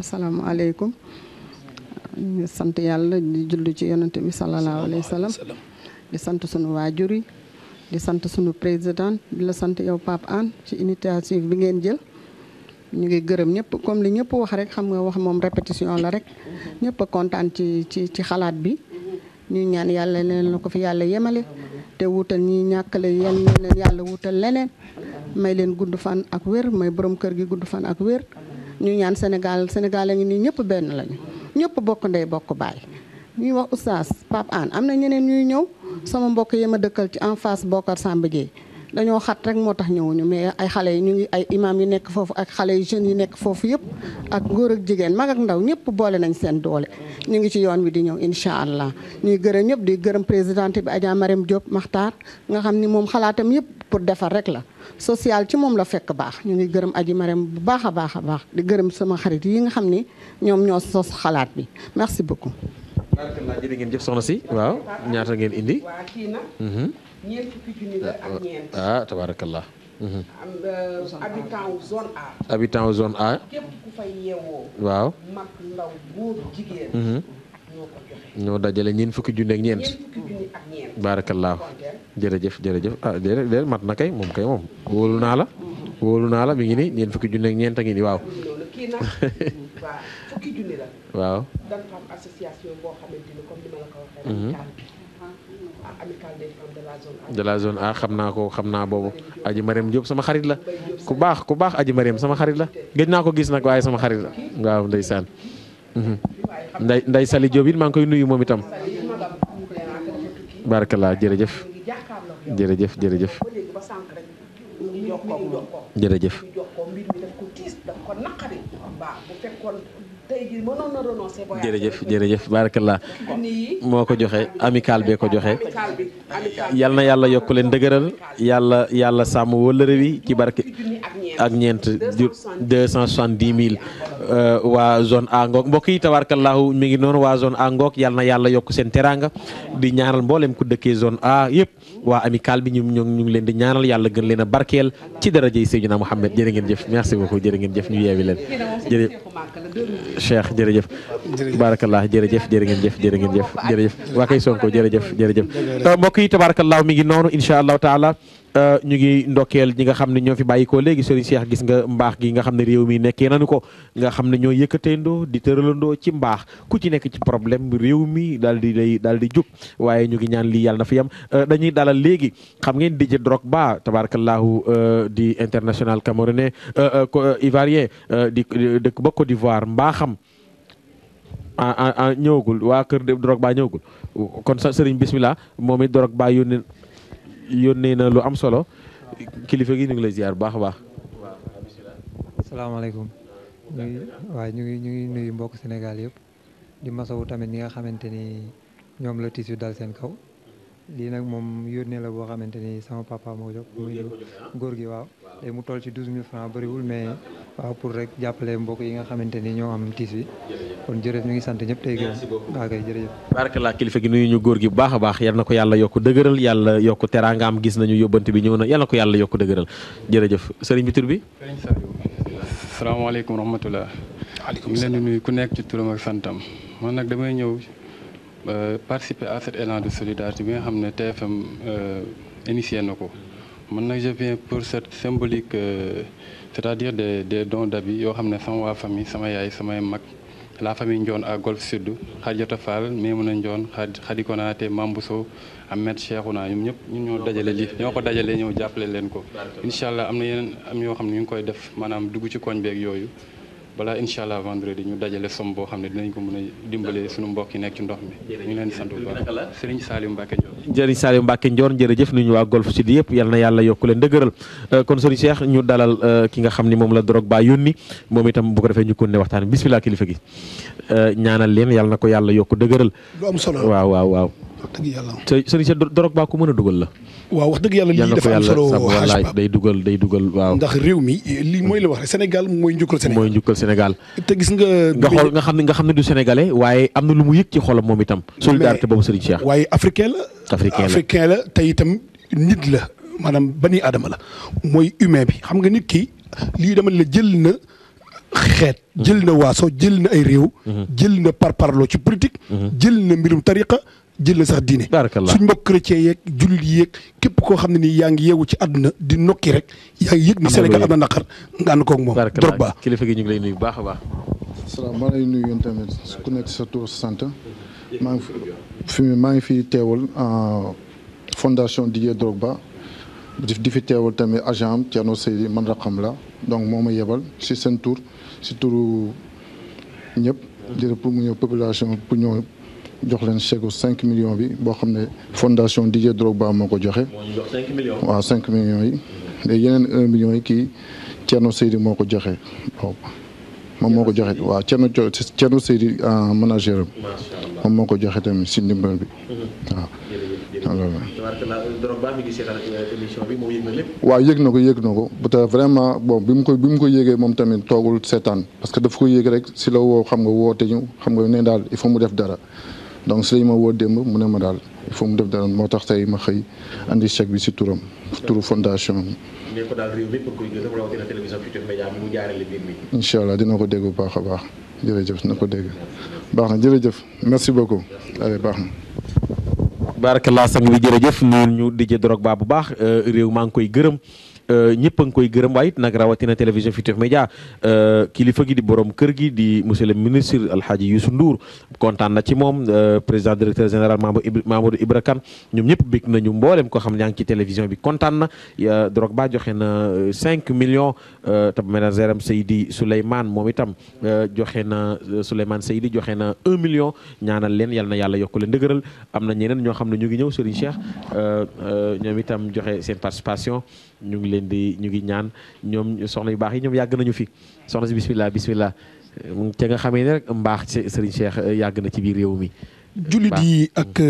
asalaamaaleykum ñu sant yàlla di jullu ci yonante bi salallaahu alayhi wa sallam di sant sunu waajur yi di sant sunu président di la sant yow Pape Hann ci initiative bi ngeen jël ñu ngi gërëm ñëpp comme li ñëpp wax rek xam nga wax moom répétition la rek ñëpp kontaan ci ci ci xalaat bi ñu ñaan yàlla leen la ko fi yàlla yemale te wutal ñi ñàkkale yal yàlla wutal leneen may leen gudd fan ak wér may borom kër gi gudd fan ak wér ñu ñaan Sénégal Sénégal a ngi nii ñëpp benn lañu ñëpp bokk ndey bokk baay ñuy wax oustaz Pape Hann am na ñeneen ñuy ñëw sama mbokk yee ma dëkkal ci en face Bokar Samba Dieye dañoo xat rek moo tax ñëwuñu mais ay xale yi ñu ngi ay imam yi nekk foofu ak xale yu jeunes yi nekk foofu yëpp ak góor ak jigéen mag ak ndaw ñëpp boole nañ seen doole ñu ngi ci yoon wi di ñëw incha allah ñuy gërëm ñëpp di gërëm présidente bi Adja Marème Diop Makhtar nga xam ni moom xalaatam yëpp pour defar rek la social ci moom la fekk baax ñu ngi gërëm aji marem bu baax a baax a baax di gërëm sama xarit yi nga xam ni ñoom ñoo sos xalaat bi merci beaucoup. barkallah ngeen jëf soxna si waaw ñaata ngeen indi. waa mhm. la ak ñeent. ah, ah tabarakallah. Mhm. Euh, mhm. ñoo dajale ñeent fukki junni ak ñeent. ñeent fukki jërëjëf jërëjëf ah déedéet mat na kay moom kay moom wóolu naa la wóolu la mi ngi nii ñeent fukki junne ak ñeent a ngi nii waaw. fukki mhm. ah, A. xam naa ko xam naa boobu. aji Mariam Diop sama xarit la. ku baax ku baax aji Mariam sama xarit la. gëj naa ko gis nag waaye sama xarit la. waaw ndeysaan. Mhm. nday nday maa ngi koy nuyu moom itam. barkalaa jërëjëf. jërëjëf jërëjëf jërëjëf. jërëjëf jërëjëf barakallah moo ko joxe amical bee ko joxe yal na yàlla yokk leen dëgëral yàlla yàlla sàmm wëllëre ci barke ak ñeent deux cent soixante-dix mille euh, waa zone A ngoog mbokk yi tabaarakallahu mi ngi noonu waa zone A ngoog yal na yàlla yokk seen teraanga di ñaanal mboolem ku dëkkee zone A yëpp waa amical bi ñu ñu ngi leen di ñaanal yàlla gën leen a barkeel ci daraja yi Seydina Mouhamed jërë ngeen jëf merci beaucoup jërë ngeen jëf ñu yeewi leen jërë Cheikh jërëjëf tabarakallah jërëjëf ngeen jëf jërë ngeen jëf jërëjëf waa kay Sonko jërëjëf jërëjëf mbokk yi tabarakallah mi ngi noonu incha allahu taala Euh, ñu ngi ndokkeel ñi nga xam ne ñoo fi bàyyi ko léegi Serigne Cheikh gis nga mbaax gi nga xam ne réew mi nekkee nanu ko nga xam ne ñoo yëkkateendoo di tëralandoo ci mbaax ku ci nekk ci problème réew mi daal di day daal di jóg waaye ñu ngi ñaan lii yàlla na fi yam euh, dañuy dalal léegi xam ngeen DJ Drogba tabarakallahu euh, di international camerounais ivoirien di dëkk ba Côte d'Ivoire mbaaxam a ñëwagul waa kër Drogba ñëwagul kon sa Serigne bismillah moom it Drogba yónnee yónnee na lu am solo kilifa gi ñu ngi lay ziar baax a baax. salaamaaleykum ñu ngi waaye ñu ngi ñu ngi nuyu mbokk Sénégal yëpp di masowu tamit ñi nga xamante ni ñoom la tiis yu dal seen kaw lii nag moom yónnee la boo xamante ni sama papa moo jóg muy gi waaw te mu toll ci douze mille francs bëriwul mais. waa pour rek jàppale mbokk yi nga xamante ni ñoo am tiis bi kon jërëjëf ñu ngi sant ñëpp tey gërëm waaw kay jërëjëf barakallah kilifa gi nuyu ñu góor gi baax a baax yal na ko yàlla yokk dëgëral yàlla yokk teraangaam gis nañu yóbbante bi ñëw na yal na ko yàlla yokk dëgëral jërëjëf sëriñ bi tur bi asalaamaaleykum rahmatullah ñu leen di nuyu ku nekk ci turam ak santam man nag damay ñëw euh, participer à cet élan de solidarité bi nga xam ne TFM euh, initié na ko man na je viens pour cette symbolique euh, c'est-à-dire de des dons d'habits yoo xam ne sama waa famille sama yaay samay mag la famille Ndione à Golf Sud Khadijata Fall Maimouna Ndione Khady Konaté Mambousso Ahmed Cheikhouna ñoom ñëpp ñun ñoo dajale lii ñoo ko dajale ñëw jàppale leen ko incha allah am na yeneen am yoo xam ne ñu ngi koy def maanaam dugg ci koñ beeg yooyu balaa incha allah vendredi ñu dajale somme boo xam ne dinañ ko mën a dimbale suñu mbokk yi nekk ci ndox mi. ñu ngi leen di sant bu baax Serigne Saliou Mbacke Ndior. Serigne Saliou Mbacke Ndior jërëjëf nuyu waa Golf Sud yëpp yal na yàlla yokk leen dëgëral euh, kon Serigne Cheikh ñu dalal euh, ki nga xam ni moom la Drogba yónni moom itam bu ko defee ñu kon ne waxtaan bi bisimilah kilifa gi euh, ñaanal leen yal na ko yàlla yokk dëgëral. lu am solo waaw waaw waaw. wax dëgg yàlla. Serigne Cheikh Drogba ku mën a dugal la waaw wax dëgg yàlla lii dafa am solo wallaay day dugal day dugal waaw ndax réew mi lii mooy la wax Sénégal mooy njukkal Sénégal mooy njukkal Sénégal te gis nga nga nga xam ne nga xam ne du sénégalais waaye am na lu mu yëg ci xolam moom itam solidarité boobu Serigne Cheikh waaye africain la africain la africain la te itam nit la maanaam bani aadama la mooy humain bi xam nga nit ki lii dama la jël na xeet jël na waaso jël na ay réew mhm. jël na parparloo ci politique mhm. jël na mbirum tariqa jël la sax diine suñ mbokk chrétien yeeg jullit yeeg képp koo xam ne nii yaa ngi yeewu ci àdduna di nokki rek yaa ngi yëg ni Sénégal am na naqar nga ànd koog moom Drogba gi ñu ngi lay nuyu bu baax a baax salaam maa nuyu yéen tamit ku nekk sa tur sant maa ngi fi maa ngi fi teewal euh, fondation Didier Drogba di fi teewal tamit agent am Thierno Seydi man raqam la donc moo ma yebal si seen tour si turu ñëpp jërë pour mu ñëw population pour ñëw jox leen chèque cinq millions bi boo xam ne fondation Didier baa moo ko joxe. waaw cinq millions yi. léegi yeneen un million yi kii Thierno Seydi moo ko joxe waaw moom moo ko joxe waaw Thierno Thierno Seydi euh, manager am moom moo ko joxe tamit si bi mm-hmm. waaw. Euh, waaw yëg na ko yëg na ko bu te vraiment bon bi mu ko bi mu ko yëgee moom tamit toogul seetaan parce que daf ko yëg rek si la woo xam nga woote ñu xam nga ne daal il faut mu def dara. donc si lañ ma woo démb mu ne ma daal il mu def dara moo tax tey ma xëy andi chèque bi si turam. turu fondation bi. mi pour allah dina ko dégg bu baax a baax jërëjëf dina ko dégg baax na jërëjëf merci beaucoup. allez baax na. barakallah sang bi jërëjëf nuyu ñu DJ baax bu baax euh, réew maa ngi koy gërëm. Euh, ñëpp a koy gërëm waaye it nag rawatina télévision Futurs Médias euh, kilifa gi di borom kër gi di monsieur le ministre Alhaji Youssou Ndour kontaan na ci moom euh, président directeur général Mamadou Ibra Kane ñoom ñëpp bég nañu mboolem ko xam ñaa ngi ci télévision bi kontaan na Drogba joxe na 5 millions te ménagèram Seydi Souleymane moom itam joxe na Souleymane Seydi joxe na 1 million ñaanal leen yal na yàlla yokk leen dëgëral am na ñeneen ñoo xam ne ñu ngi ñëw Serigne Cheikh ñoom itam joxe seen participation ñu ngi leen di ñu ngi ñaan ñoom soxna yu baax yi ñoom yàgg nañu fi soxna si bisimilah bisimilah ca nga xamee ne rek mbaax Serigne seex yàgg na ci biir réew mi. jullit yi ak.